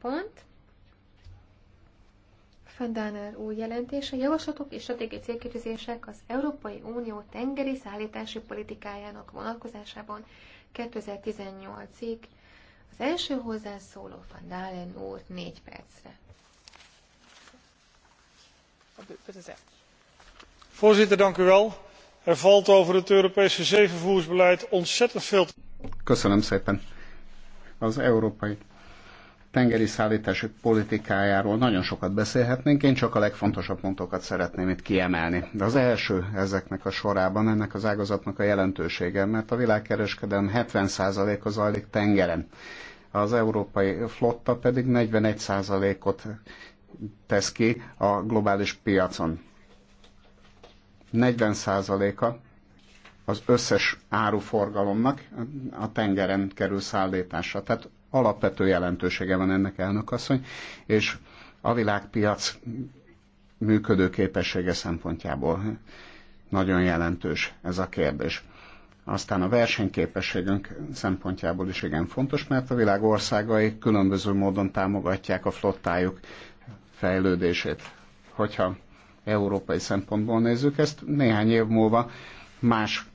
pont. Fendáner új jelentése, javaslatok és stratégiai célkitűzések az Európai Unió tengeri szállítási politikájának vonatkozásában 2018-ig. Az első hozzászóló Van úr 4 percre. Voorzitter, dank u wel. Er valt over het Europese zeevervoersbeleid ontzettend veel. Köszönöm szépen. Az európai tengeri szállítási politikájáról nagyon sokat beszélhetnénk, én csak a legfontosabb pontokat szeretném itt kiemelni. De az első ezeknek a sorában ennek az ágazatnak a jelentősége, mert a világkereskedelem 70%-a zajlik tengeren. Az európai flotta pedig 41%-ot tesz ki a globális piacon. 40%-a az összes áruforgalomnak a tengeren kerül szállításra. Tehát alapvető jelentősége van ennek elnökasszony, és a világpiac működőképessége szempontjából nagyon jelentős ez a kérdés. Aztán a versenyképességünk szempontjából is igen fontos, mert a világ országai különböző módon támogatják a flottájuk fejlődését. Hogyha európai szempontból nézzük ezt, néhány év múlva más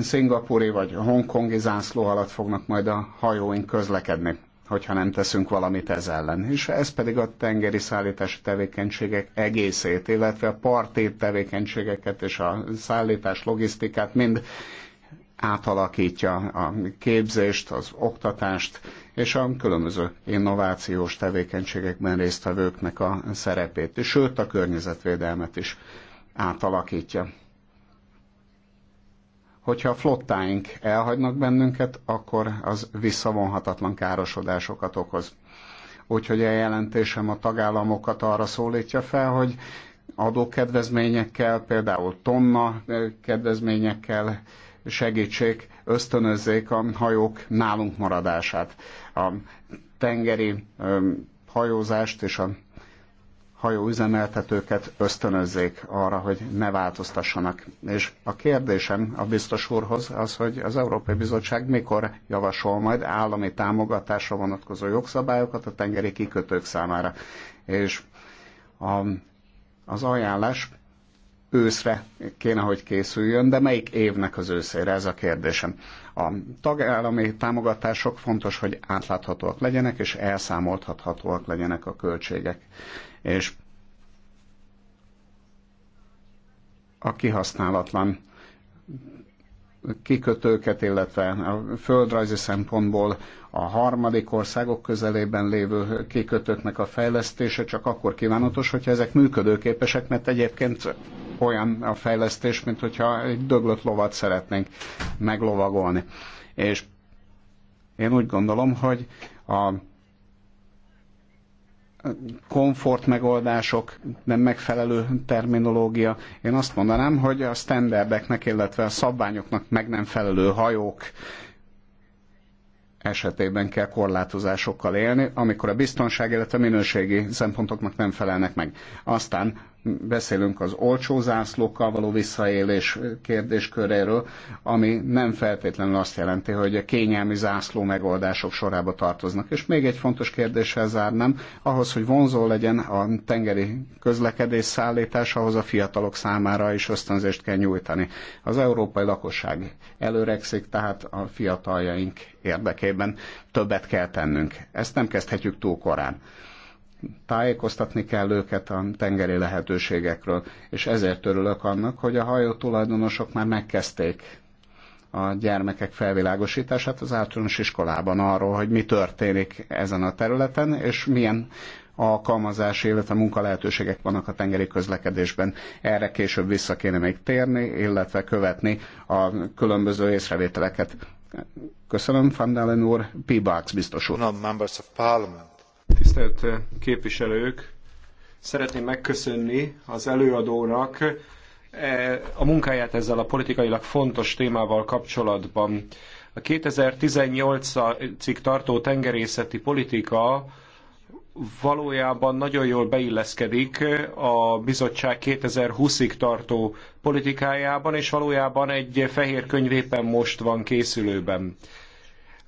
szingapúri vagy hongkongi zászló alatt fognak majd a hajóink közlekedni hogyha nem teszünk valamit ez ellen. És ez pedig a tengeri szállítási tevékenységek egészét, illetve a parti tevékenységeket és a szállítás logisztikát mind átalakítja a képzést, az oktatást és a különböző innovációs tevékenységekben résztvevőknek a szerepét, és sőt a környezetvédelmet is átalakítja hogyha a flottáink elhagynak bennünket, akkor az visszavonhatatlan károsodásokat okoz. Úgyhogy a jelentésem a tagállamokat arra szólítja fel, hogy adókedvezményekkel, például tonna kedvezményekkel segítsék, ösztönözzék a hajók nálunk maradását. A tengeri hajózást és a hajóüzemeltetőket ösztönözzék arra, hogy ne változtassanak. És a kérdésem a biztos úrhoz az, hogy az Európai Bizottság mikor javasol majd állami támogatásra vonatkozó jogszabályokat a tengeri kikötők számára. És a, az ajánlás őszre kéne, hogy készüljön, de melyik évnek az őszére ez a kérdésem. A tagállami támogatások fontos, hogy átláthatóak legyenek, és elszámoltathatóak legyenek a költségek és a kihasználatlan kikötőket, illetve a földrajzi szempontból a harmadik országok közelében lévő kikötőknek a fejlesztése csak akkor kívánatos, hogyha ezek működőképesek, mert egyébként olyan a fejlesztés, mint hogyha egy döglött lovat szeretnénk meglovagolni. És én úgy gondolom, hogy a komfort megoldások, nem megfelelő terminológia. Én azt mondanám, hogy a standardeknek, illetve a szabványoknak meg nem felelő hajók esetében kell korlátozásokkal élni, amikor a biztonság, illetve a minőségi szempontoknak nem felelnek meg. Aztán beszélünk az olcsó zászlókkal való visszaélés kérdésköréről, ami nem feltétlenül azt jelenti, hogy a kényelmi zászló megoldások sorába tartoznak. És még egy fontos kérdéssel zárnám, ahhoz, hogy vonzó legyen a tengeri közlekedés szállítás, ahhoz a fiatalok számára is ösztönzést kell nyújtani. Az európai lakosság előrekszik, tehát a fiataljaink érdekében többet kell tennünk. Ezt nem kezdhetjük túl korán tájékoztatni kell őket a tengeri lehetőségekről, és ezért örülök annak, hogy a hajó tulajdonosok már megkezdték a gyermekek felvilágosítását az általános iskolában arról, hogy mi történik ezen a területen, és milyen alkalmazási, illetve lehetőségek vannak a tengeri közlekedésben. Erre később vissza kéne még térni, illetve követni a különböző észrevételeket. Köszönöm, Van Dalen úr, P. Barks biztos úr. No, members of parliament. Tisztelt eh, képviselők, szeretném megköszönni az előadónak eh, a munkáját ezzel a politikailag fontos témával kapcsolatban. A 2018-ig tartó tengerészeti politika valójában nagyon jól beilleszkedik eh, a bizottság 2020-ig tartó politikájában, és valójában egy fehér könyv éppen most van készülőben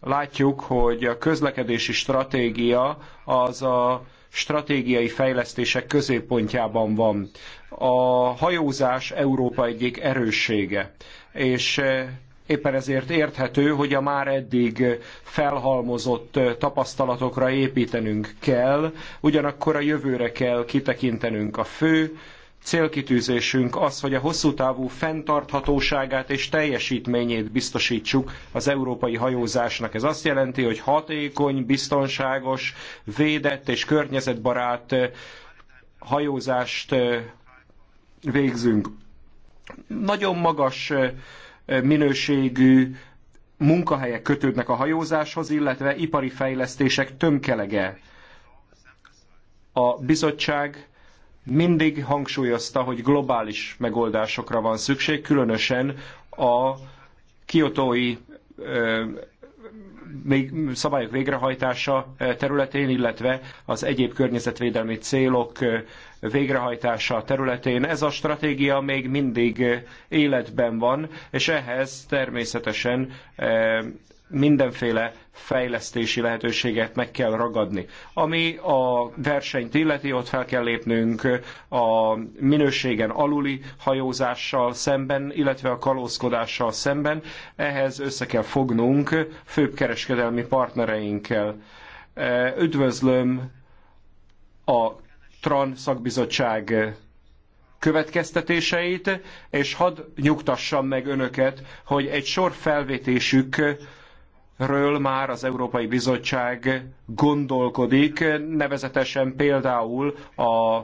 látjuk, hogy a közlekedési stratégia az a stratégiai fejlesztések középpontjában van. A hajózás Európa egyik erőssége, és eh, éppen ezért érthető, hogy a már eddig felhalmozott eh, tapasztalatokra építenünk kell, ugyanakkor a jövőre kell kitekintenünk a fő célkitűzésünk az, hogy a hosszú távú fenntarthatóságát és teljesítményét biztosítsuk az európai hajózásnak. Ez azt jelenti, hogy hatékony, biztonságos, védett és környezetbarát hajózást végzünk. Nagyon magas minőségű munkahelyek kötődnek a hajózáshoz, illetve ipari fejlesztések tömkelege. A bizottság mindig hangsúlyozta, hogy globális megoldásokra van szükség, különösen a kiotói szabályok végrehajtása területén, illetve az egyéb környezetvédelmi célok végrehajtása területén. Ez a stratégia még mindig életben van, és ehhez természetesen mindenféle fejlesztési lehetőséget meg kell ragadni. Ami a versenyt illeti, ott fel kell lépnünk a minőségen aluli hajózással szemben, illetve a kalózkodással szemben. Ehhez össze kell fognunk főbb kereskedelmi partnereinkkel. E, üdvözlöm a TRAN szakbizottság következtetéseit, és hadd nyugtassam meg önöket, hogy egy sor felvetésük ről már az Európai Bizottság gondolkodik, nevezetesen például a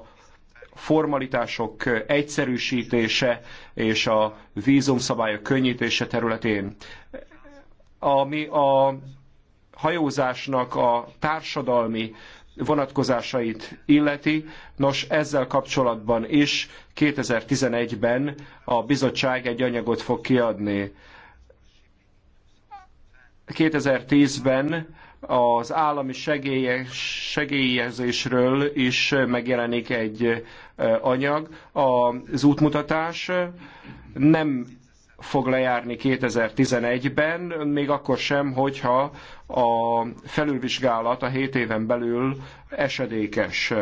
formalitások egyszerűsítése és a vízumszabályok könnyítése területén. Ami a hajózásnak a társadalmi vonatkozásait illeti. Nos, ezzel kapcsolatban is 2011-ben a bizottság egy anyagot fog kiadni. 2010-ben az állami segélye, segélyezésről is megjelenik egy anyag. Az útmutatás nem fog lejárni 2011-ben, még akkor sem, hogyha a felülvizsgálat a 7 éven belül esedékes.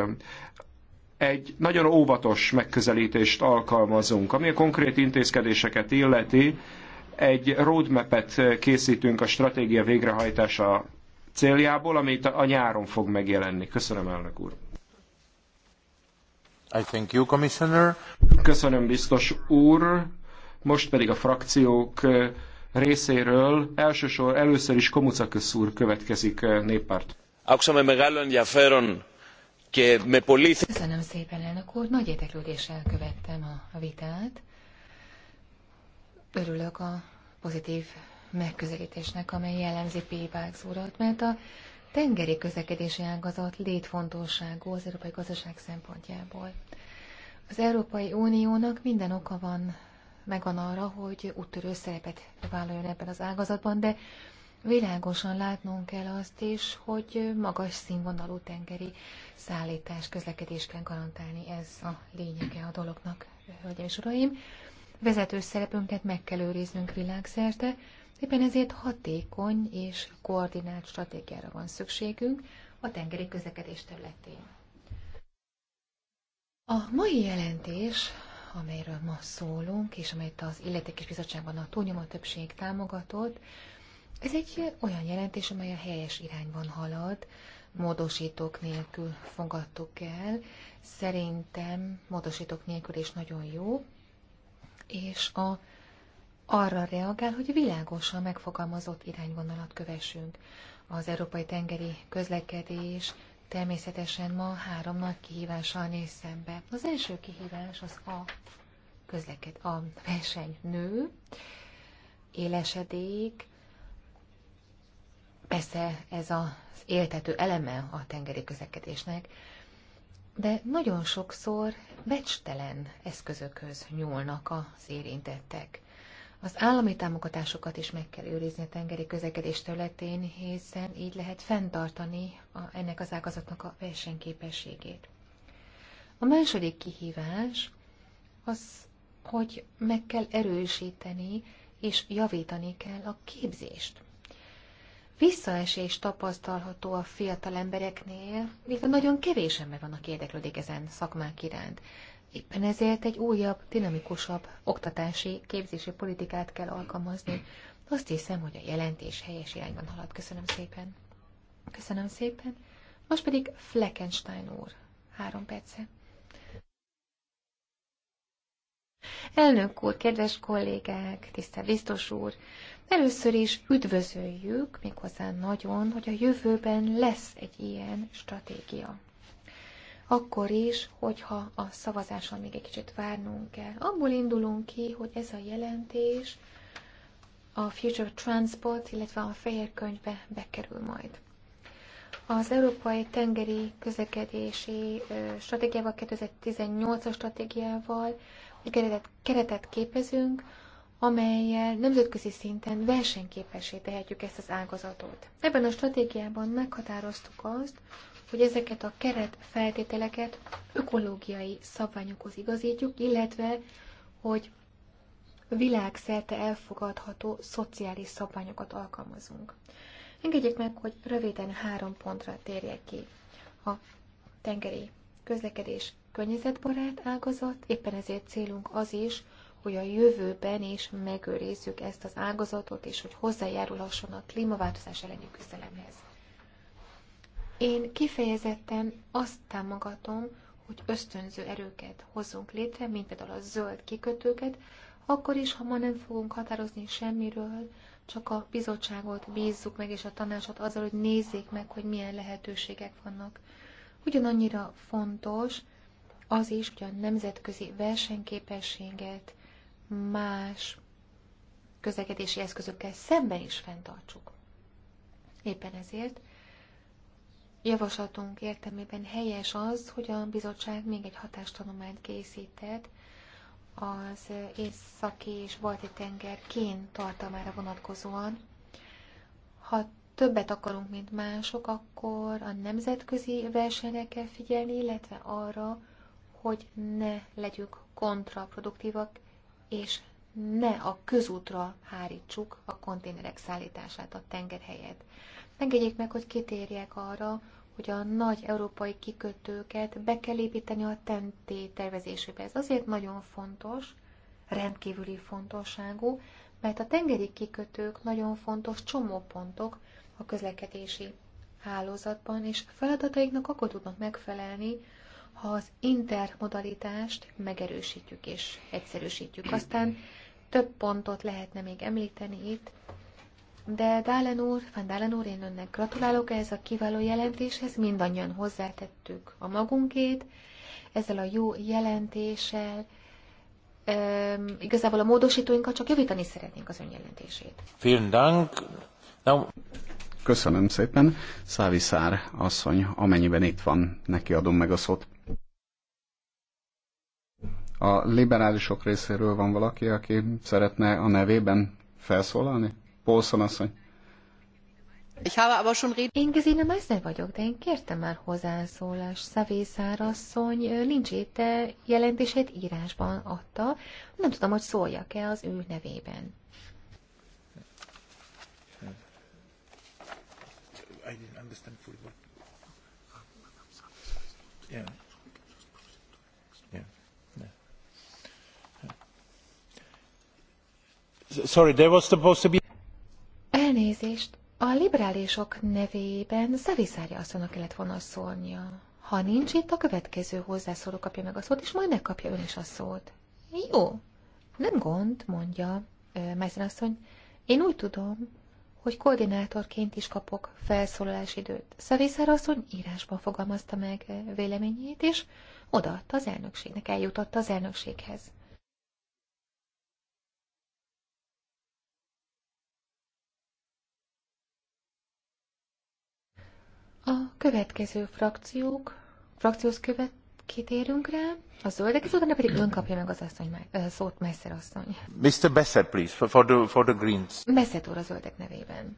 Egy nagyon óvatos megközelítést alkalmazunk, ami a konkrét intézkedéseket illeti, egy roadmap-et készítünk a stratégia végrehajtása céljából, amit a nyáron fog megjelenni. Köszönöm, elnök úr. I thank you, Commissioner. Köszönöm, biztos úr. Most pedig a frakciók részéről elsősor először is Komucakös úr következik eh, néppárt. Köszönöm szépen, elnök úr. Nagy érdeklődéssel követtem a vitát Örülök a pozitív megközelítésnek, amely jellemzi P. urat, mert a tengeri közlekedési ágazat létfontosságú az európai gazdaság szempontjából. Az Európai Uniónak minden oka van, megvan arra, hogy úttörő szerepet vállaljon ebben az ágazatban, de világosan látnunk kell azt is, hogy magas színvonalú tengeri szállítás, közlekedés kell garantálni. Ez a lényege a dolognak, hölgyeim és uraim vezető szerepünket meg kell őriznünk világszerte, éppen ezért hatékony és koordinált stratégiára van szükségünk a tengeri közlekedés területén. A mai jelentés, amelyről ma szólunk, és amelyet az Illetékes Bizottságban a túlnyomó többség támogatott, ez egy olyan jelentés, amely a helyes irányban halad, módosítók nélkül fogadtuk el. Szerintem módosítók nélkül is nagyon jó, és a, arra reagál, hogy világosan megfogalmazott irányvonalat kövessünk. Az európai tengeri közlekedés természetesen ma három nagy kihívással néz szembe. Az első kihívás az a közleked, a verseny nő, élesedik, persze ez az éltető eleme a tengeri közlekedésnek, de nagyon sokszor becstelen eszközökhöz nyúlnak az érintettek. Az állami támogatásokat is meg kell őrizni a tengeri közlekedés területén, hiszen így lehet fenntartani a, ennek az ágazatnak a versenyképességét. A második kihívás az, hogy meg kell erősíteni és javítani kell a képzést visszaesés tapasztalható a fiatal embereknél, illetve nagyon kevés ember van, aki érdeklődik ezen szakmák iránt. Éppen ezért egy újabb, dinamikusabb oktatási, képzési politikát kell alkalmazni. Azt hiszem, hogy a jelentés helyes irányban halad. Köszönöm szépen. Köszönöm szépen. Most pedig Fleckenstein úr. Három perce. Elnök úr, kedves kollégák, tisztelt biztos úr, Először is üdvözöljük, méghozzá nagyon, hogy a jövőben lesz egy ilyen stratégia. Akkor is, hogyha a szavazáson még egy kicsit várnunk kell. Abból indulunk ki, hogy ez a jelentés a Future Transport, illetve a Fehér könyvbe bekerül majd. Az Európai Tengeri Közlekedési Stratégiával, 2018-as stratégiával egy keretet, keretet képezünk, amelyel nemzetközi szinten versenyképessé tehetjük ezt az ágazatot. Ebben a stratégiában meghatároztuk azt, hogy ezeket a keret feltételeket ökológiai szabványokhoz igazítjuk, illetve hogy világszerte elfogadható szociális szabványokat alkalmazunk. Engedjék meg, hogy röviden három pontra térjek ki. A tengeri közlekedés környezetbarát ágazat, éppen ezért célunk az is, hogy a jövőben is megőrizzük ezt az ágazatot, és hogy hozzájárulhasson a klímaváltozás elleni küzdelemhez. Én kifejezetten azt támogatom, hogy ösztönző erőket hozzunk létre, mint például a zöld kikötőket, akkor is, ha ma nem fogunk határozni semmiről, csak a bizottságot bízzuk meg, és a tanácsot azzal, hogy nézzék meg, hogy milyen lehetőségek vannak. Ugyanannyira fontos az is, hogy a nemzetközi versenyképességet más közlekedési eszközökkel szemben is fenntartsuk. Éppen ezért javaslatunk értelmében helyes az, hogy a bizottság még egy hatástanulmányt készített az északi és balti tenger kén tartalmára vonatkozóan. Ha többet akarunk, mint mások, akkor a nemzetközi versenyre kell figyelni, illetve arra, hogy ne legyünk kontraproduktívak és ne a közútra hárítsuk a konténerek szállítását a tenger helyet. Engedjék meg, hogy kitérjek arra, hogy a nagy európai kikötőket be kell építeni a tenté tervezésébe. Ez azért nagyon fontos, rendkívüli fontosságú, mert a tengeri kikötők nagyon fontos csomópontok a közlekedési hálózatban, és feladataiknak akkor tudnak megfelelni, ha az intermodalitást megerősítjük és egyszerűsítjük. Aztán több pontot lehetne még említeni itt, de Dálen úr, Van Dálen úr, én önnek gratulálok ehhez a kiváló jelentéshez, mindannyian hozzátettük a magunkét, ezzel a jó jelentéssel, Üm, igazából a módosítóinkat csak javítani szeretnénk az önjelentését. Vielen Dank. Now... Köszönöm szépen. Szár asszony, amennyiben itt van, neki adom meg a szót. A liberálisok részéről van valaki, aki szeretne a nevében felszólalni? Paulson asszony. Én Gesine Meissner vagyok, de én kértem már hozzászólást. Szavészár asszony lincsét jelentését írásban adta. Nem tudom, hogy szóljak-e az ő nevében. I didn't understand fully Yeah. Sorry, there was supposed to be... Elnézést, a liberálisok nevében Szaviszárja asszonynak kellett volna szólnia. Ha nincs itt, a következő hozzászóló kapja meg a szót, és majd megkapja ön is a szót. Jó, nem gond, mondja Mezen asszony. Én úgy tudom, hogy koordinátorként is kapok felszólalási időt. Szaviszár asszony írásban fogalmazta meg véleményét, és odaadta az elnökségnek, eljutott az elnökséghez. A következő frakciók, frakciós követ, kitérünk rá, a zöldek, és utána pedig ön kapja meg az asszony, szót Messzer asszony. Mr. Besser, please, for the, for the Greens. Messer úr a zöldek nevében.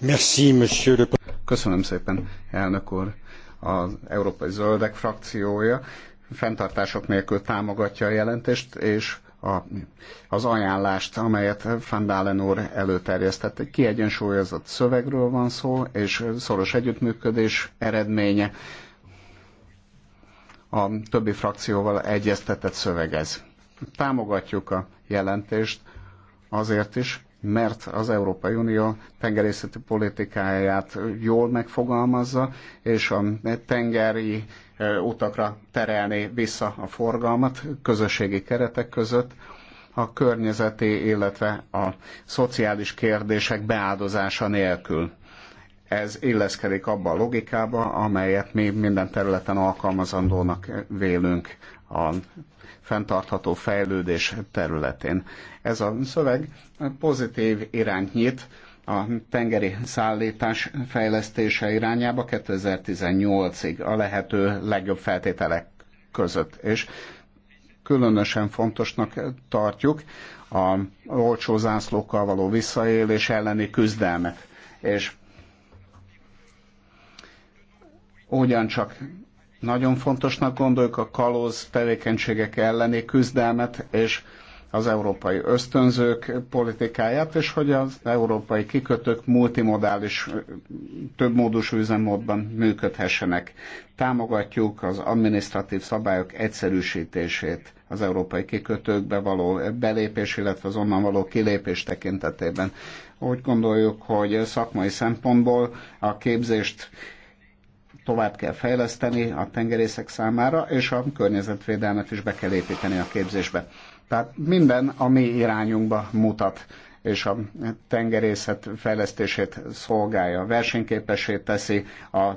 Merci, monsieur le... Köszönöm szépen, elnök úr. Az Európai Zöldek frakciója fenntartások nélkül támogatja a jelentést, és a, az ajánlást, amelyet Fandálen úr előterjesztett. Egy kiegyensúlyozott szövegről van szó, és szoros együttműködés eredménye a többi frakcióval egyeztetett szövegez. Támogatjuk a jelentést azért is, mert az Európai Unió tengerészeti politikáját jól megfogalmazza, és a tengeri utakra terelni vissza a forgalmat közösségi keretek között, a környezeti, illetve a szociális kérdések beáldozása nélkül. Ez illeszkedik abba a logikába, amelyet mi minden területen alkalmazandónak vélünk a fenntartható fejlődés területén. Ez a szöveg pozitív irányt nyit a tengeri szállítás fejlesztése irányába 2018-ig a lehető legjobb feltételek között. És különösen fontosnak tartjuk a olcsó zászlókkal való visszaélés elleni küzdelmet. És ugyancsak nagyon fontosnak gondoljuk a kalóz tevékenységek elleni küzdelmet, és az európai ösztönzők politikáját, és hogy az európai kikötők multimodális, többmódusú üzemmódban működhessenek. Támogatjuk az administratív szabályok egyszerűsítését az európai kikötőkbe való belépés, illetve az onnan való kilépés tekintetében. Úgy gondoljuk, hogy szakmai szempontból a képzést tovább kell fejleszteni a tengerészek számára, és a környezetvédelmet is be kell építeni a képzésbe. Tehát minden a mi irányunkba mutat és a tengerészet fejlesztését szolgálja, versenyképessé teszi a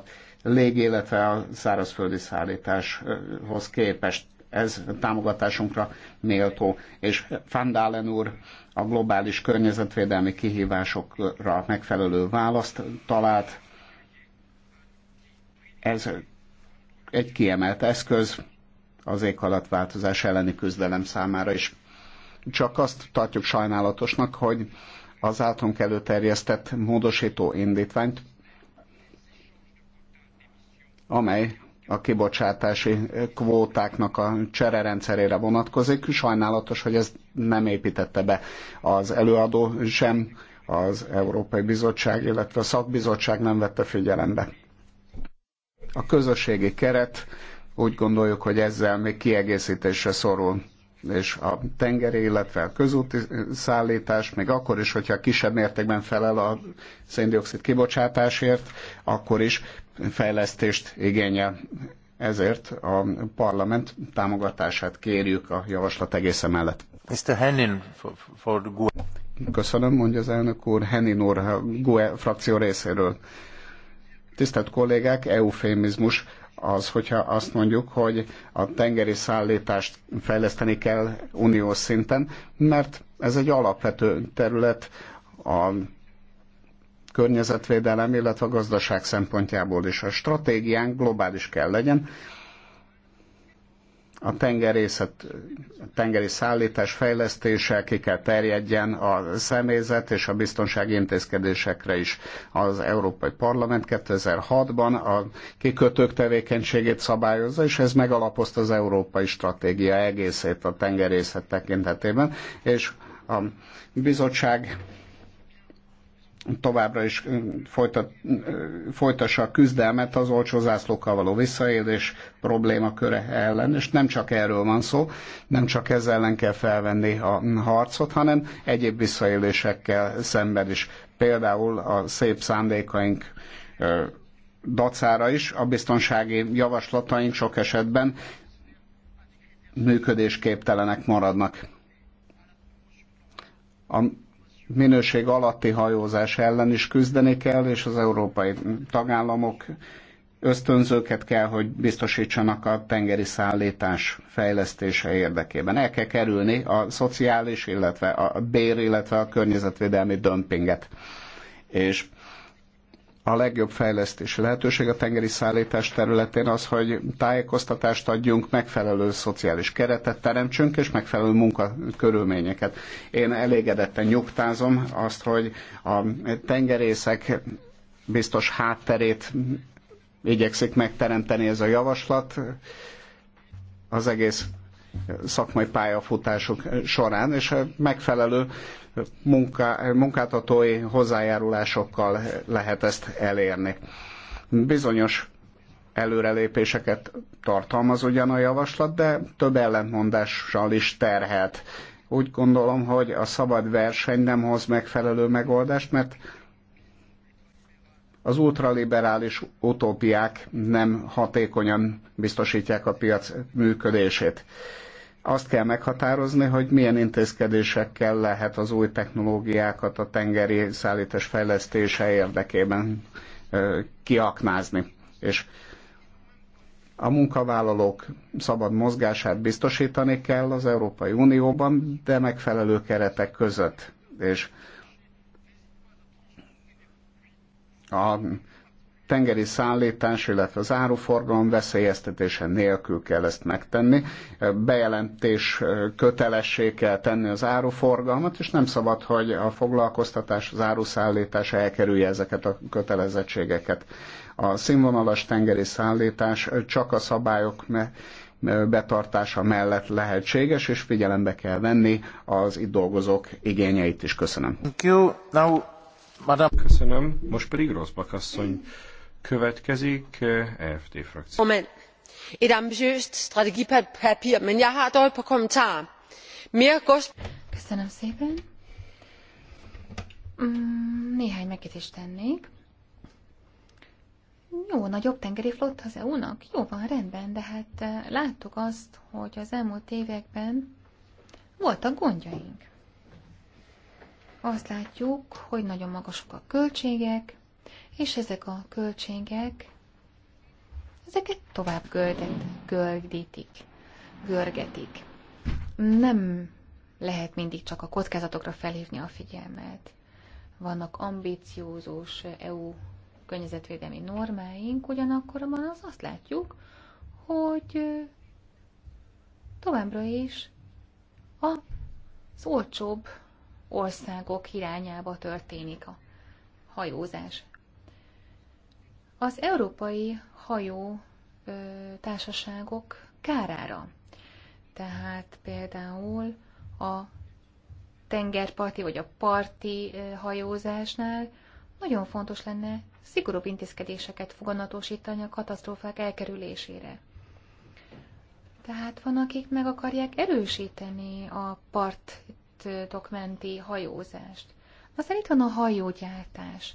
lég, illetve a szárazföldi szállításhoz képest. Ez támogatásunkra méltó. És Fandálen úr a globális környezetvédelmi kihívásokra megfelelő választ talált. Ez egy kiemelt eszköz, az változás elleni küzdelem számára is. Csak azt tartjuk sajnálatosnak, hogy az általunk előterjesztett módosító indítványt, amely a kibocsátási kvótáknak a csererendszerére vonatkozik. Sajnálatos, hogy ez nem építette be az előadó sem, az Európai Bizottság, illetve a szakbizottság nem vette figyelembe. A közösségi keret úgy gondoljuk, hogy ezzel még kiegészítésre szorul és a tengeri, illetve a közúti szállítás, még akkor is, hogyha kisebb mértékben felel a széndiokszid kibocsátásért, akkor is fejlesztést igényel. Ezért a parlament támogatását kérjük a javaslat egészen mellett. Mr. Henin for, for the e. Köszönöm, mondja az elnök úr. Henin úr, a GUE frakció részéről. Tisztelt kollégák, eufémizmus az, hogyha azt mondjuk, hogy a tengeri szállítást fejleszteni kell uniós szinten, mert ez egy alapvető terület a környezetvédelem, illetve a gazdaság szempontjából is. A stratégiánk globális kell legyen, a tengerészet, tengeri szállítás fejlesztése ki kell terjedjen a személyzet és a biztonsági intézkedésekre is. Az Európai Parlament 2006-ban a kikötők tevékenységét szabályozza, és ez megalapozta az európai stratégia egészét a tengerészet tekintetében, és a bizottság továbbra is folytat, folytassa a küzdelmet az olcsó zászlókkal való visszaélés problémaköre ellen, és nem csak erről van szó, nem csak ez ellen kell felvenni a harcot, hanem egyéb visszaélésekkel szemben is. Például a szép szándékaink dacára is a biztonsági javaslataink sok esetben működésképtelenek maradnak. A minőség alatti hajózás ellen is küzdeni kell, és az európai tagállamok ösztönzőket kell, hogy biztosítsanak a tengeri szállítás fejlesztése érdekében. El kell kerülni a szociális, illetve a bér, illetve a környezetvédelmi dömpinget. És a legjobb fejlesztési lehetőség a tengeri szállítás területén az, hogy tájékoztatást adjunk, megfelelő szociális keretet teremtsünk, és megfelelő munkakörülményeket. Én elégedetten nyugtázom azt, hogy a tengerészek biztos hátterét igyekszik megteremteni ez a javaslat. Az egész szakmai pályafutásuk során, és megfelelő munká, munkáltatói hozzájárulásokkal lehet ezt elérni. Bizonyos előrelépéseket tartalmaz ugyan a javaslat, de több ellentmondással is terhet. Úgy gondolom, hogy a szabad verseny nem hoz megfelelő megoldást, mert az ultraliberális utópiák nem hatékonyan biztosítják a piac működését. Azt kell meghatározni, hogy milyen intézkedésekkel lehet az új technológiákat a tengeri szállítás fejlesztése érdekében kiaknázni. És a munkavállalók szabad mozgását biztosítani kell az Európai Unióban, de megfelelő keretek között. És a tengeri szállítás, illetve az áruforgalom veszélyeztetése nélkül kell ezt megtenni. Bejelentés kötelessé kell tenni az áruforgalmat, és nem szabad, hogy a foglalkoztatás, az áruszállítás elkerülje ezeket a kötelezettségeket. A színvonalas tengeri szállítás csak a szabályok betartása mellett lehetséges, és figyelembe kell venni az itt dolgozók igényeit is. Köszönöm. Thank you. Now Madame. Köszönöm. Most pedig Rosbach asszony következik, EFT eh, frakció. Moment. Et ambitiøst strategipapir, men jeg har dog et par kommentarer. Mere gods... Köszönöm szépen. Mm, néhány megjegyzést tennék. Jó, nagyobb tengeri flotta az EU-nak? Jó, van, rendben, de hát eh, láttuk azt, hogy az elmúlt években voltak gondjaink azt látjuk, hogy nagyon magasok a költségek, és ezek a költségek, ezeket tovább göldet, göldítik, görgetik. Nem lehet mindig csak a kockázatokra felhívni a figyelmet. Vannak ambíciózós EU környezetvédelmi normáink, ugyanakkor az azt látjuk, hogy továbbra is a, az olcsóbb országok irányába történik a hajózás. Az európai hajó ö, társaságok kárára. Tehát például a tengerparti vagy a parti hajózásnál nagyon fontos lenne szigorúbb intézkedéseket foganatosítani a katasztrófák elkerülésére. Tehát van, akik meg akarják erősíteni a part partok menti hajózást. Aztán itt van a hajógyártás.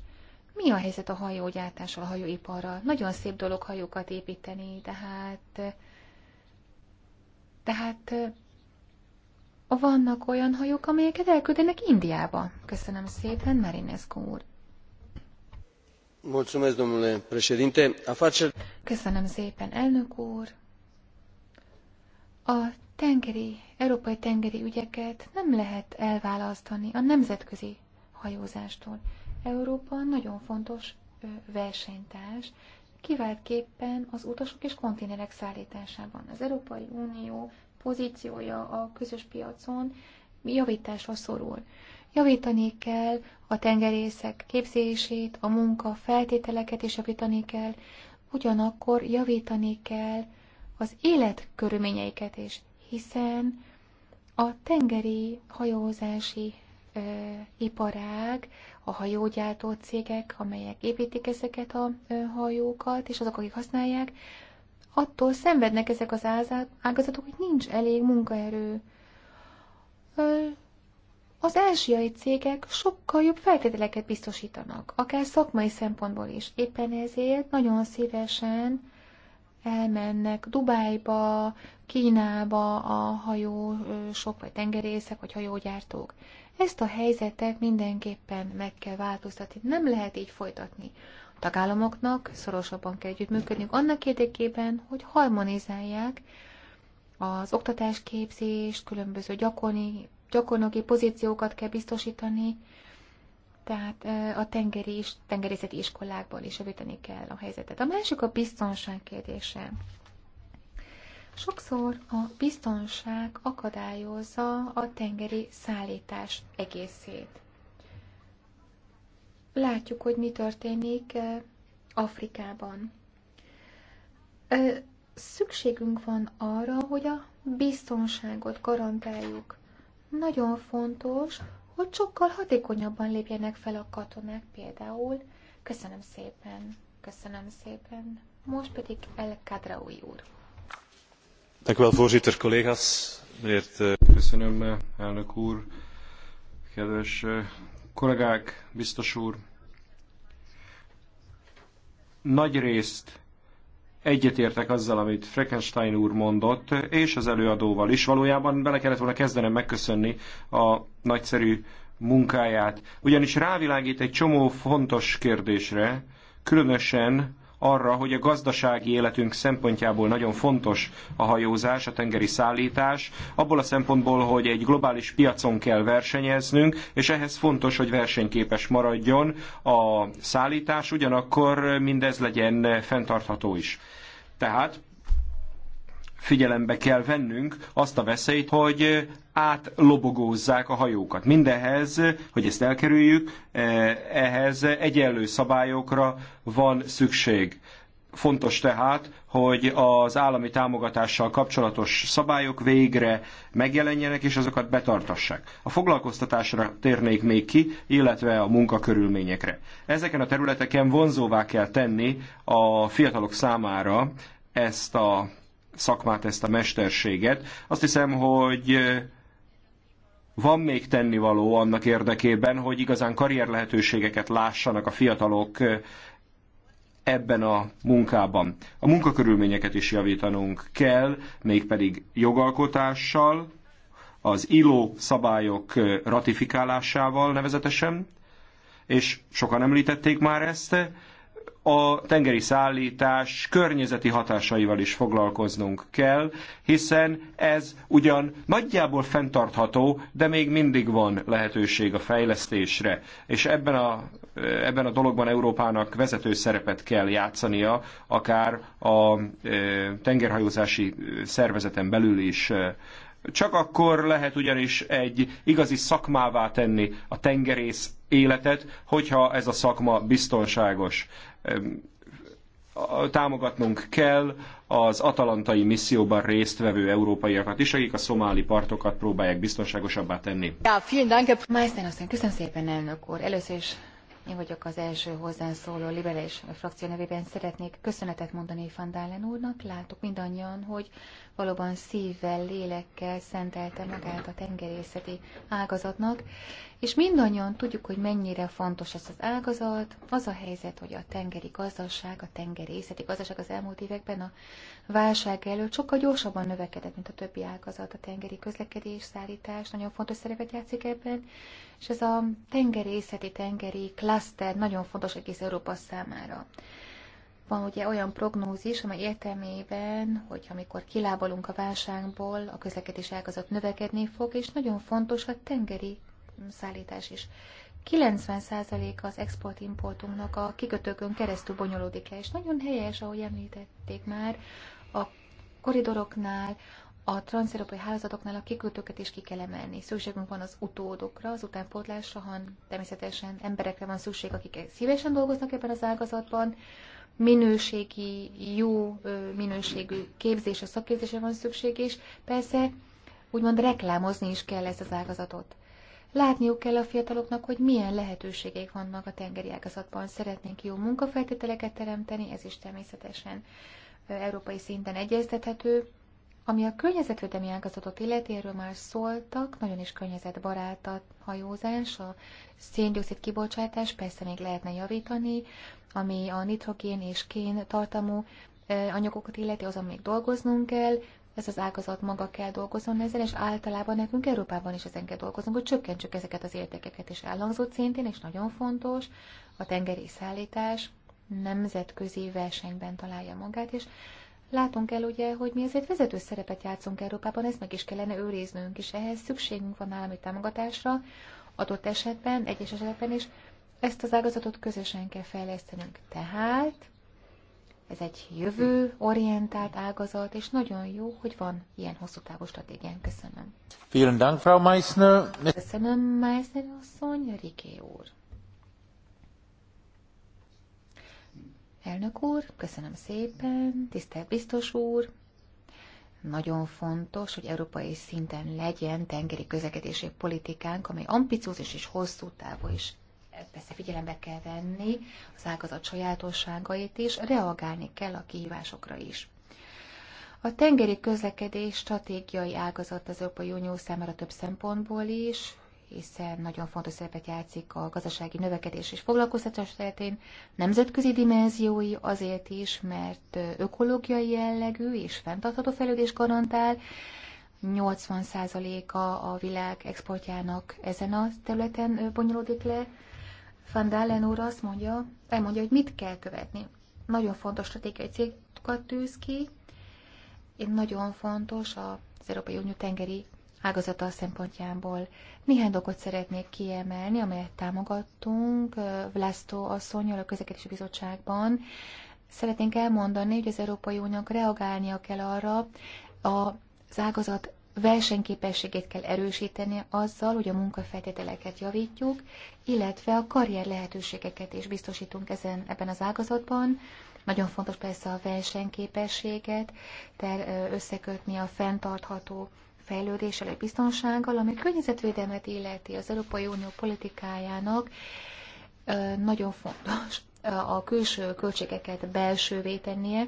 Mi a helyzet a hajógyártással, a hajóiparral? Nagyon szép dolog hajókat építeni, tehát... Tehát vannak olyan hajók, amelyeket elküldenek Indiába. Köszönöm szépen, Marinescu úr. Mulțumesc, domnule președinte. Afacer... Köszönöm szépen, elnök úr. A tengeri, európai tengeri ügyeket nem lehet elválasztani a nemzetközi hajózástól. Európa nagyon fontos versenytárs, kiváltképpen az utasok és konténerek szállításában. Az Európai Unió pozíciója a közös piacon javításra szorul. Javítani kell a tengerészek képzését, a munka feltételeket is javítani kell, ugyanakkor javítani kell az körülményeiket is, hiszen a tengeri hajózási ö, iparág, a hajógyártó cégek, amelyek építik ezeket a ö, hajókat, és azok, akik használják, attól szenvednek ezek az ágazatok, hogy nincs elég munkaerő. Ö, az ázsiai cégek sokkal jobb feltételeket biztosítanak, akár szakmai szempontból is. Éppen ezért nagyon szívesen elmennek Dubájba, Kínába a hajósok, vagy tengerészek, vagy hajógyártók. Ezt a helyzetet mindenképpen meg kell változtatni. Nem lehet így folytatni. A tagállamoknak szorosabban kell együttműködniük annak érdekében, hogy harmonizálják az oktatásképzést, különböző gyakorni, gyakornoki pozíciókat kell biztosítani, tehát a tengeri, tengerészeti iskolákból is javítani kell a helyzetet. A másik a biztonság kérdése. Sokszor a biztonság akadályozza a tengeri szállítás egészét. Látjuk, hogy mi történik Afrikában. Szükségünk van arra, hogy a biztonságot garantáljuk. Nagyon fontos, hogy sokkal hatékonyabban lépjenek fel a katonák például. Köszönöm szépen, köszönöm szépen. Most pedig El Kadraui úr. Dank u wel, voorzitter, collega's. Meneer de... Köszönöm, elnök úr, kedves eh, kollégák, biztos úr. Nagy részt Egyetértek azzal, amit Frankenstein úr mondott, és az előadóval is. Valójában bele kellett volna kezdenem megköszönni a nagyszerű munkáját. Ugyanis rávilágít egy csomó fontos kérdésre, különösen arra, hogy a gazdasági életünk szempontjából nagyon fontos a hajózás, a tengeri szállítás, abból a szempontból, hogy egy globális piacon kell versenyeznünk, és ehhez fontos, hogy versenyképes maradjon a szállítás, ugyanakkor mindez legyen fenntartható is. Tehát figyelembe kell vennünk azt a veszélyt, hogy átlobogózzák a hajókat. Mindehez, hogy ezt elkerüljük, ehhez egyenlő szabályokra van szükség. Fontos tehát, hogy az állami támogatással kapcsolatos szabályok végre megjelenjenek, és azokat betartassák. A foglalkoztatásra térnék még ki, illetve a munkakörülményekre. Ezeken a területeken vonzóvá kell tenni a fiatalok számára ezt a szakmát, ezt a mesterséget. Azt hiszem, hogy van még tennivaló annak érdekében, hogy igazán karrier lehetőségeket lássanak a fiatalok ebben a munkában. A munkakörülményeket is javítanunk kell, mégpedig jogalkotással, az ILO szabályok ratifikálásával nevezetesen, és sokan említették már ezt, a tengeri szállítás környezeti hatásaival is foglalkoznunk kell, hiszen ez ugyan nagyjából fenntartható, de még mindig van lehetőség a fejlesztésre. És ebben a, ebben a dologban Európának vezető szerepet kell játszania, akár a e, tengerhajózási e, szervezeten belül is csak akkor lehet ugyanis egy igazi szakmává tenni a tengerész életet, hogyha ez a szakma biztonságos. Támogatnunk kell az atalantai misszióban résztvevő európaiakat is, akik a szomáli partokat próbálják biztonságosabbá tenni. Ja, vielen Dank, Köszönöm szépen, elnök úr. Először is én vagyok az első hozzászóló liberális frakció nevében. Szeretnék köszönetet mondani Fandálen úrnak. Látok mindannyian, hogy valóban szívvel, lélekkel szentelte magát a tengerészeti ágazatnak, és mindannyian tudjuk, hogy mennyire fontos ez az ágazat. Az a helyzet, hogy a tengeri gazdaság, a tengerészeti gazdaság az elmúlt években a válság előtt sokkal gyorsabban növekedett, mint a többi ágazat. A tengeri közlekedés, szállítás nagyon fontos szerepet játszik ebben, és ez a tengerészeti tengeri klaszter nagyon fontos egész Európa számára. Van ugye olyan prognózis, amely értelmében, hogy amikor kilábalunk a válságból, a közlekedés ágazat növekedni fog, és nagyon fontos a tengeri szállítás is. 90% az export-importunknak a kikötőkön keresztül bonyolódik el, és nagyon helyes, ahogy említették már, a koridoroknál, a transzeurópai hálózatoknál a kiküldőket is ki kell emelni. Szükségünk van az utódokra, az utánpótlásra, hanem természetesen emberekre van szükség, akik szívesen dolgoznak ebben az ágazatban, minőségi, jó minőségű képzés a szakképzésre van szükség, és persze úgymond reklámozni is kell ezt az ágazatot. Látniuk kell a fiataloknak, hogy milyen lehetőségeik vannak a tengeri ágazatban. Szeretnénk jó munkafeltételeket teremteni, ez is természetesen európai szinten egyeztethető, ami a környezetvédelmi ágazatot életéről már szóltak, nagyon is környezetbarát a hajózás, a széndiokszid kibocsátás persze még lehetne javítani, ami a nitrogén és kén tartalmú anyagokat illeti, azon még dolgoznunk kell, ez az ágazat maga kell dolgozni ezzel, és általában nekünk Európában is ezen kell dolgoznunk, hogy csökkentsük ezeket az értékeket, és elhangzott szintén, és nagyon fontos, a tengeri szállítás nemzetközi versenyben találja magát, és Látunk el ugye, hogy mi azért vezető szerepet játszunk Európában, ezt meg is kellene őriznünk, és ehhez szükségünk van állami támogatásra, adott esetben, egyes esetben is, ezt az ágazatot közösen kell fejlesztenünk. Tehát ez egy jövő orientált ágazat, és nagyon jó, hogy van ilyen hosszú távú stratégián. Köszönöm. Vielen Dank, Frau Meissner. Köszönöm, Meissner asszony, Riké úr. Elnök úr, köszönöm szépen, tisztelt biztos úr. Nagyon fontos, hogy európai szinten legyen tengeri közlekedési politikánk, amely ambiciózus és hosszú távú is. Persze figyelembe kell venni az ágazat sajátosságait is, reagálni kell a kihívásokra is. A tengeri közlekedés stratégiai ágazat az Európai Unió számára több szempontból is, hiszen nagyon fontos szerepet játszik a gazdasági növekedés és foglalkoztatás területén. Nemzetközi dimenziói azért is, mert ökológiai jellegű és fenntartható fejlődés garantál. 80%-a a világ exportjának ezen a területen bonyolódik le. Van Dallen úr azt mondja, elmondja, hogy mit kell követni. Nagyon fontos stratégiai célokat tűz ki, nagyon fontos az Európai Unió tengeri ágazata szempontjából. Néhány dolgot szeretnék kiemelni, amelyet támogattunk vlasto asszonyjal a Közlekedési Bizottságban. Szeretnénk elmondani, hogy az Európai Uniónak reagálnia kell arra, az ágazat versenyképességét kell erősíteni azzal, hogy a munkafeltételeket javítjuk, illetve a karrier lehetőségeket is biztosítunk ezen, ebben az ágazatban. Nagyon fontos persze a versenyképességet, tehát összekötni a fenntartható fejlődéssel, egy biztonsággal, ami környezetvédelmet illeti az Európai Unió politikájának, nagyon fontos a külső költségeket belsővé tennie.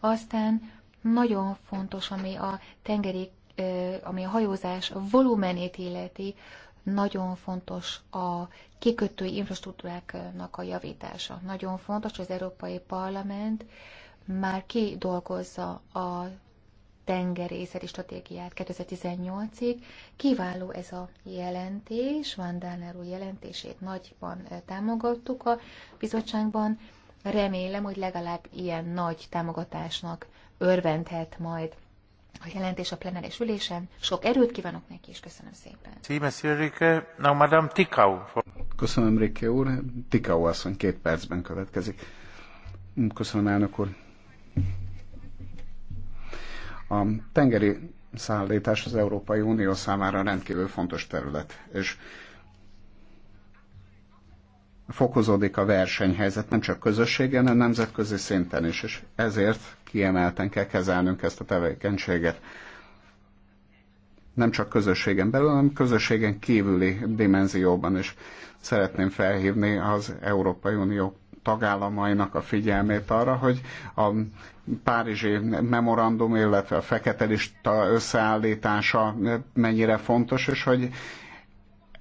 Aztán nagyon fontos, ami a tengeri, ami a hajózás volumenét illeti, nagyon fontos a kikötői infrastruktúráknak a javítása. Nagyon fontos, hogy az Európai Parlament már kidolgozza a tengerészeti stratégiát 2018-ig. Kiváló ez a jelentés, Van Dáner úr jelentését nagyban támogattuk a bizottságban. Remélem, hogy legalább ilyen nagy támogatásnak örvendhet majd a jelentés a plenáris ülésen. Sok erőt kívánok neki, és köszönöm szépen. Köszönöm, Rikke úr. Tikau asszony két percben következik. Köszönöm, elnök úr a tengeri szállítás az Európai Unió számára rendkívül fontos terület, és fokozódik a versenyhelyzet nem csak közösségen, hanem nemzetközi szinten is, és ezért kiemelten kell kezelnünk ezt a tevékenységet. Nem csak közösségen belül, hanem közösségen kívüli dimenzióban is szeretném felhívni az Európai Unió tagállamainak a figyelmét arra, hogy a Párizsi memorandum, illetve a fekete lista összeállítása mennyire fontos, és hogy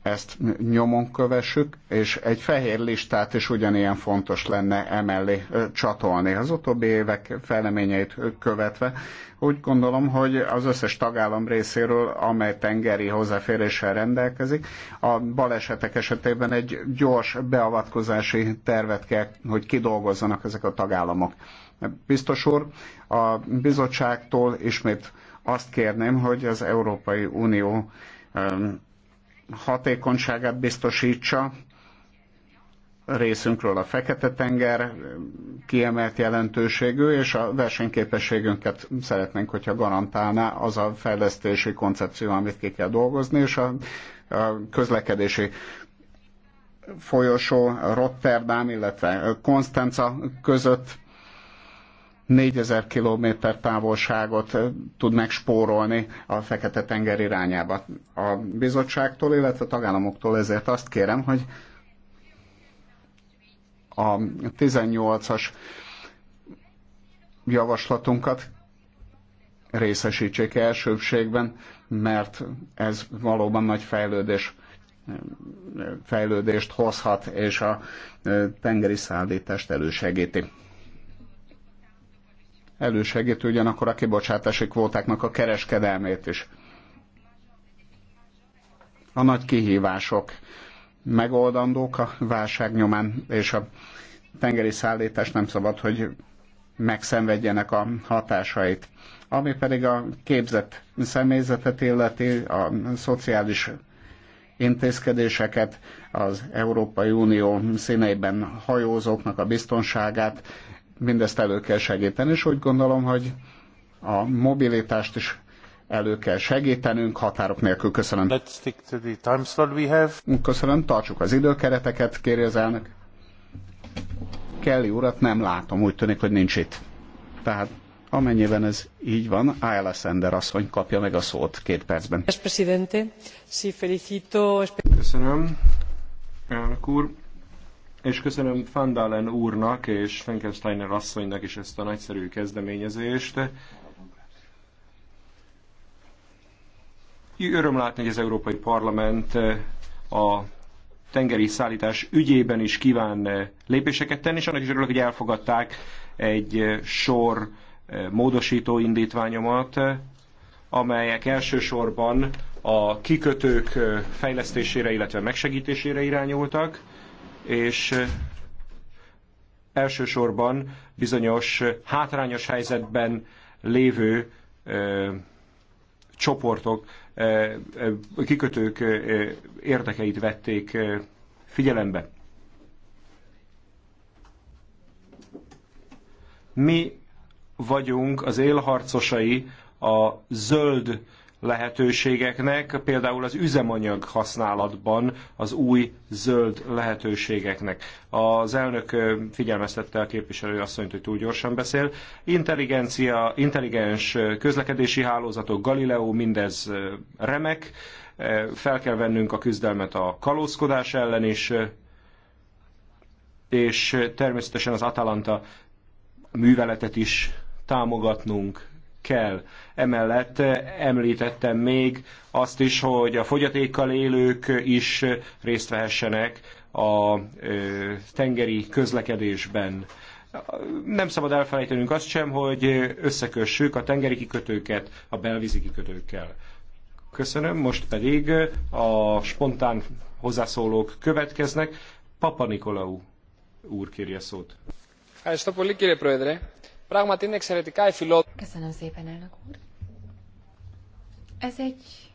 ezt nyomon kövessük, és egy fehér listát is ugyanilyen fontos lenne emellé csatolni. Az utóbbi évek feleményeit követve úgy gondolom, hogy az összes tagállam részéről, amely tengeri hozzáféréssel rendelkezik, a balesetek esetében egy gyors beavatkozási tervet kell, hogy kidolgozzanak ezek a tagállamok. Biztos úr, a bizottságtól ismét azt kérném, hogy az Európai Unió hatékonyságát biztosítsa részünkről a Fekete-tenger kiemelt jelentőségű, és a versenyképességünket szeretnénk, hogyha garantálná az a fejlesztési koncepció, amit ki kell dolgozni, és a, a közlekedési folyosó Rotterdam, illetve Konstanca között 4000 km távolságot tud megspórolni a Fekete-tenger irányába a bizottságtól, illetve a tagállamoktól. Ezért azt kérem, hogy a 18-as javaslatunkat részesítsék elsőbségben, mert ez valóban nagy fejlődés fejlődést hozhat, és a tengeri szállítást elősegíti elősegíti ugyanakkor a kibocsátási kvótáknak a kereskedelmét is. A nagy kihívások megoldandók a válság nyomán, és a tengeri szállítás nem szabad, hogy megszenvedjenek a hatásait. Ami pedig a képzett személyzetet illeti, a szociális intézkedéseket, az Európai Unió színeiben hajózóknak a biztonságát, mindezt elő kell segíteni, és úgy gondolom, hogy a mobilitást is elő kell segítenünk, határok nélkül köszönöm. Let's stick to the time slot we have. Köszönöm, tartsuk az időkereteket, kérje az elnök. Kelly urat nem látom, úgy tűnik, hogy nincs itt. Tehát amennyiben ez így van, Ayala Sender asszony kapja meg a szót két percben. Köszönöm, elnök úr és köszönöm Fandalen úrnak és Frankensteiner asszonynak is ezt a nagyszerű kezdeményezést. Öröm látni, hogy az Európai Parlament eh, a tengeri szállítás ügyében is kíván eh, lépéseket tenni, és annak is örülök, hogy elfogadták egy eh, sor módosító indítványomat, amelyek elsősorban a kikötők fejlesztésére, illetve megsegítésére irányultak és elsősorban bizonyos hátrányos helyzetben lévő csoportok, kikötők érdekeit vették figyelembe. Mi vagyunk az élharcosai a zöld lehetőségeknek, például az üzemanyag használatban az új zöld lehetőségeknek. Az elnök figyelmeztette a képviselő asszonyt, hogy túl gyorsan beszél. Intelligencia, intelligens közlekedési hálózatok, Galileo, mindez remek. Fel kell vennünk a küzdelmet a kalózkodás ellen is, és természetesen az Atalanta műveletet is támogatnunk kell. Emellett eh, említettem még azt is, hogy a fogyatékkal élők is részt vehessenek a eh, tengeri közlekedésben. Nem szabad elfelejtenünk azt sem, hogy összekössük a tengeri kikötőket a belvízi kikötőkkel. Köszönöm, most pedig a spontán hozzászólók következnek. Papa Nikolaú úr kérje szót. Köszönöm, Πράγματι είναι εξαιρετικά εφιλότιμο. Ez egy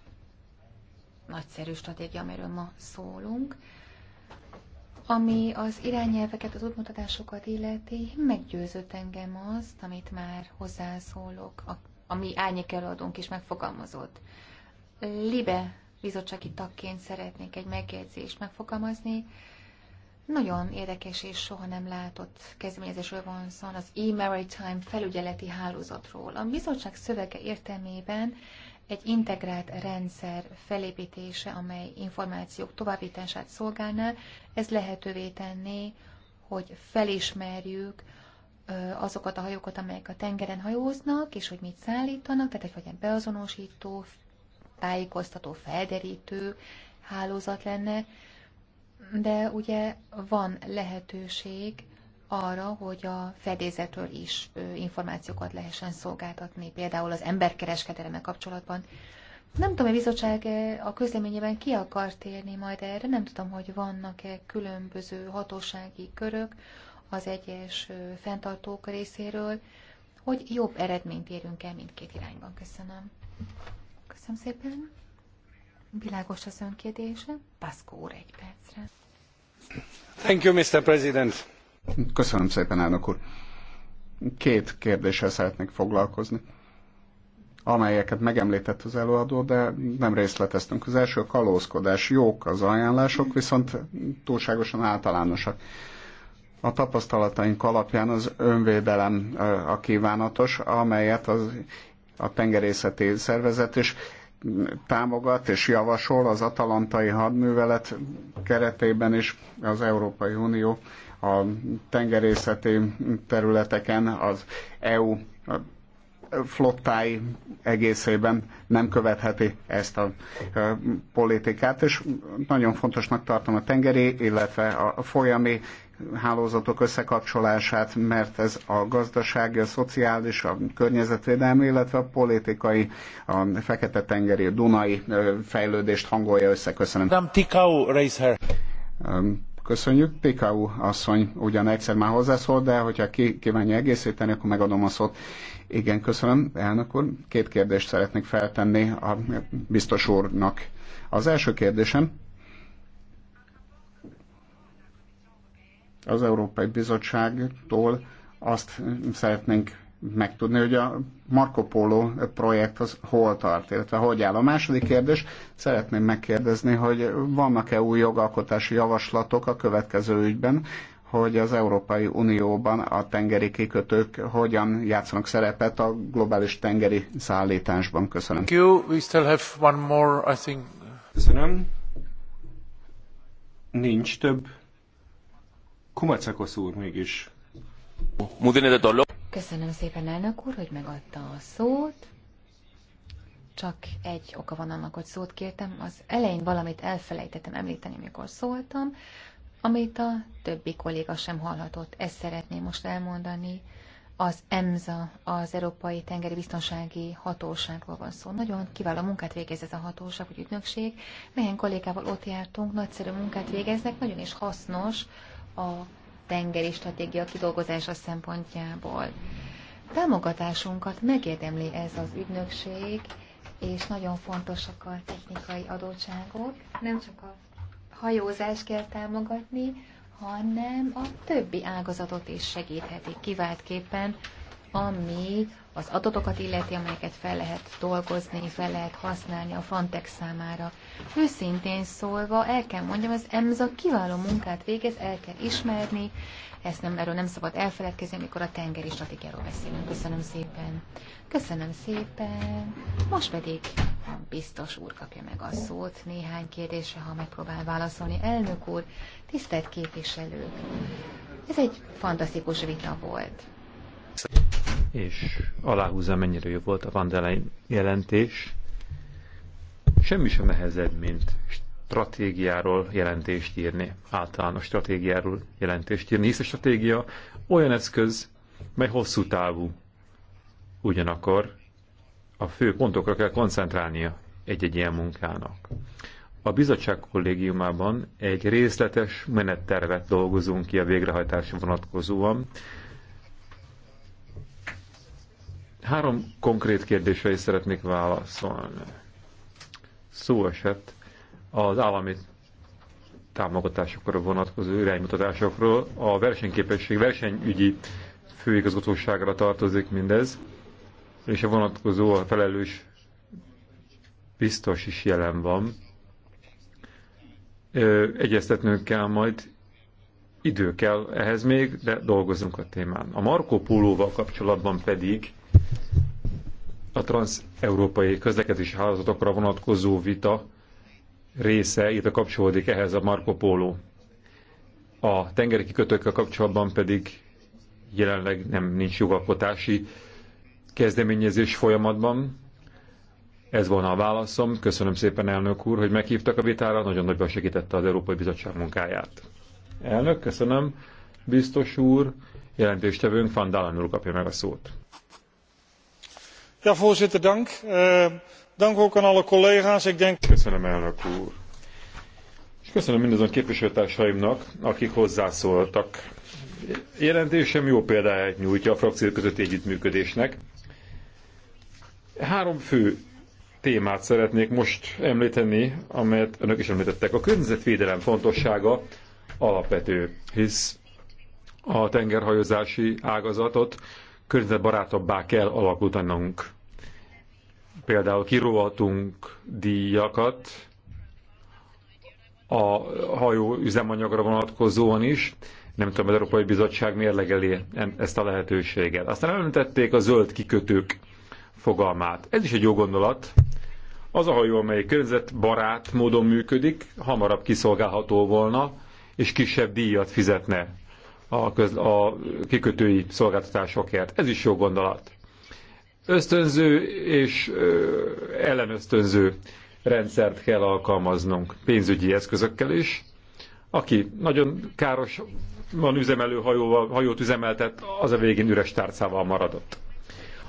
nagyszerű stratégia, amiről ma szólunk, ami az irányelveket, az útmutatásokat illeti, meggyőzött engem azt, amit már hozzászólok, a, ami árnyék előadónk is megfogalmazott. Libe bizottsági tagként szeretnék egy megjegyzést megfogalmazni, nagyon érdekes és soha nem látott kezdeményezésről van szó, az e-maritime felügyeleti hálózatról. A bizottság szövege értelmében egy integrált rendszer felépítése, amely információk továbbítását szolgálná, ez lehetővé tenné, hogy felismerjük azokat a hajókat, amelyek a tengeren hajóznak, és hogy mit szállítanak, tehát egy vagy beazonosító, tájékoztató, felderítő hálózat lenne, de ugye van lehetőség arra, hogy a fedézetről is információkat lehessen szolgáltatni, például az emberkereskedelme kapcsolatban. Nem tudom, a bizottság a közleményében ki akar térni majd erre, nem tudom, hogy vannak-e különböző hatósági körök az egyes fenntartók részéről, hogy jobb eredményt érünk el mindkét irányban. Köszönöm. Köszönöm szépen. Világos az ön kérdése. Paszkó úr, egy percre. Thank you, Mr. President. Köszönöm szépen, elnök úr. Két kérdéssel szeretnék foglalkozni amelyeket megemlített az előadó, de nem részleteztünk. Az első a kalózkodás, jók az ajánlások, viszont túlságosan általánosak. A tapasztalataink alapján az önvédelem a kívánatos, amelyet az, a tengerészeti szervezet is támogat és javasol az atalantai hadművelet keretében is az Európai Unió a tengerészeti területeken az EU flottái egészében nem követheti ezt a politikát, és nagyon fontosnak tartom a tengeri, illetve a folyami hálózatok összekapcsolását, mert ez a gazdasági, a szociális, a környezetvédelmi, illetve a politikai, a Fekete-tengeri, a Dunai fejlődést hangolja össze. Köszönöm. Um, Köszönjük. PKU asszony ugyan egyszer már hozzászólt, de hogyha ki kívánja egészíteni, akkor megadom a szót. Igen, köszönöm, elnök úr. Két kérdést szeretnék feltenni a biztos úrnak. Az első kérdésem, az Európai Bizottságtól azt szeretnénk megtudni, hogy a Marco Polo projekt az hol tart, illetve hogy áll. A második kérdés, szeretném megkérdezni, hogy vannak-e új jogalkotási javaslatok a következő ügyben, hogy az Európai Unióban a tengeri kikötők hogyan játszanak szerepet a globális tengeri szállításban. Köszönöm. Thank you. We still have one more, I think. Köszönöm. Nincs több. Kumacakos úr mégis. Mudine de dolló. Köszönöm szépen, elnök úr, hogy megadta a szót. Csak egy oka van annak, hogy szót kértem. Az elején valamit elfelejtettem említeni, amikor szóltam, amit a többi kolléga sem hallhatott. Ezt szeretném most elmondani. Az EMSA, az Európai Tengeri Biztonsági Hatóságról van szó. Nagyon kiváló munkát végez ez a hatóság, vagy ügynökség. Melyen kollégával ott jártunk, nagyszerű munkát végeznek, nagyon is hasznos a tengeri stratégia kidolgozása szempontjából. Támogatásunkat megérdemli ez az ügynökség, és nagyon fontosak a technikai adottságok. Nem csak a hajózás kell támogatni, hanem a többi ágazatot is segítheti kiváltképpen, ami az adatokat illeti, amelyeket fel lehet dolgozni, fel lehet használni a Frontex számára. Őszintén szólva, el kell mondjam, az EMSA kiváló munkát végez, el kell ismerni, ezt nem, erről nem szabad elfeledkezni, amikor a tengeri stratégiáról beszélünk. Köszönöm szépen. Köszönöm szépen. Most pedig biztos úr kapja meg a szót néhány kérdésre, ha megpróbál válaszolni. Elnök úr, tisztelt képviselők, ez egy fantasztikus vita volt és aláhúzza, mennyire jó volt a Vandelein jelentés. Semmi sem nehezebb, mint stratégiáról jelentést írni, általános stratégiáról jelentést írni, hisz a stratégia olyan eszköz, mely hosszú távú. Ugyanakkor a fő pontokra kell koncentrálnia egy-egy ilyen munkának. A bizottság kollégiumában egy részletes menettervet dolgozunk ki a végrehajtásra vonatkozóan, Három konkrét kérdésre is szeretnék válaszolni. Szó esett az állami támogatásokra vonatkozó iránymutatásokról. A versenyképesség versenyügyi főigazgatóságra tartozik mindez, és a vonatkozó a felelős biztos is jelen van. Egyeztetnünk kell majd, idő kell ehhez még, de dolgozunk a témán. A Marco Pólóval kapcsolatban pedig a transz-európai közlekedési hálózatokra vonatkozó vita része, a kapcsolódik ehhez a Marco Polo. A tengeri kikötőkkel kapcsolatban pedig jelenleg nem nincs jogalkotási kezdeményezés folyamatban. Ez volna a válaszom. Köszönöm szépen, elnök úr, hogy meghívtak a vitára. Nagyon nagyban segítette az Európai Bizottság munkáját. Elnök, köszönöm. Biztos úr, jelentéstevőnk Van úr kapja meg a szót voorzitter eh, dank ook aan alle collega's. köszönöm elnök úr és köszönöm mindazon képviselőtársaimnak akik hozzászóltak. jelentésem jó példáját nyújtja a frakciók közötti együttműködésnek. Három fő témát szeretnék most említeni, amelyet önök is említettek. A környezetvédelem fontossága alapvető, hisz a tengerhajózási ágazatot környezetbarátabbá kell alakítanunk. Például kirovatunk díjakat a hajó üzemanyagra vonatkozóan is, nem tudom, az Európai Bizottság mérlegeli ezt a lehetőséget. Aztán említették a zöld kikötők fogalmát. Ez is egy jó gondolat. Az a hajó, amely környezetbarát módon működik, hamarabb kiszolgálható volna, és kisebb díjat fizetne a, köz, a kikötői szolgáltatásokért. Ez is jó gondolat. Ösztönző és ö, ellenösztönző rendszert kell alkalmaznunk pénzügyi eszközökkel is. Aki nagyon káros van üzemelő hajóval, hajót üzemeltet, az a végén üres tárcával maradott.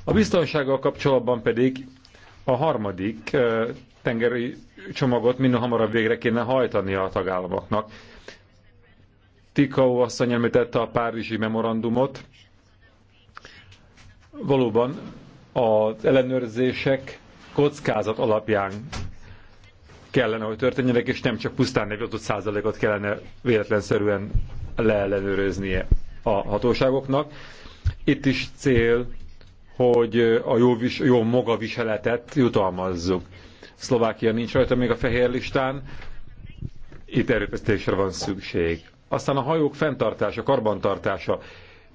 A biztonsággal kapcsolatban pedig a harmadik ö, tengeri csomagot minden hamarabb végre kéne hajtani a tagállamoknak Tikau asszony említette a Párizsi memorandumot. Valóban az ellenőrzések kockázat alapján kellene, hogy történjenek, és nem csak pusztán egy adott százalékot kellene véletlenszerűen leellenőriznie a hatóságoknak. Itt is cél, hogy a jó, vis, jó maga viseletet jutalmazzuk. Szlovákia nincs rajta még a fehér listán, itt erőfeszítésre van szükség. Aztán a hajók fenntartása, karbantartása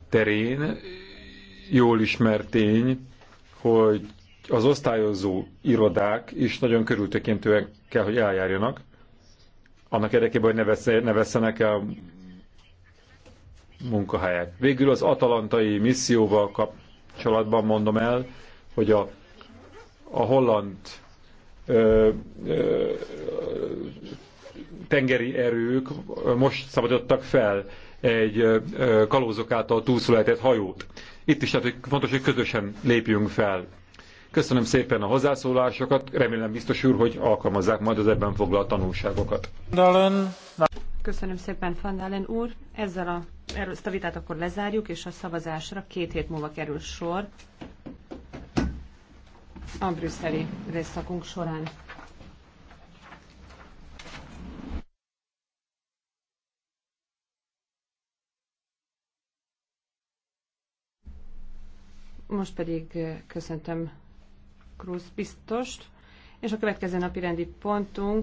terén jól ismert tény, hogy az osztályozó irodák is nagyon körültekintően kell, hogy eljárjanak, annak érdekében, hogy ne vesszenek el munkahelyek. Végül az atalantai misszióval kapcsolatban mondom el, hogy a, a holland ö, ö, tengeri erők most szabadottak fel egy kalózok által túlszületett hajót. Itt is tehát fontos, hogy közösen lépjünk fel. Köszönöm szépen a hozzászólásokat, remélem biztos úr, hogy alkalmazzák majd az ebben foglalt tanulságokat. Köszönöm szépen, Fandalen úr. Ezzel a, erről ezt a vitát akkor lezárjuk, és a szavazásra két hét múlva kerül sor a brüsszeli részszakunk során. Most pedig köszöntöm Krusz biztost, és a következő napi rendi pontunk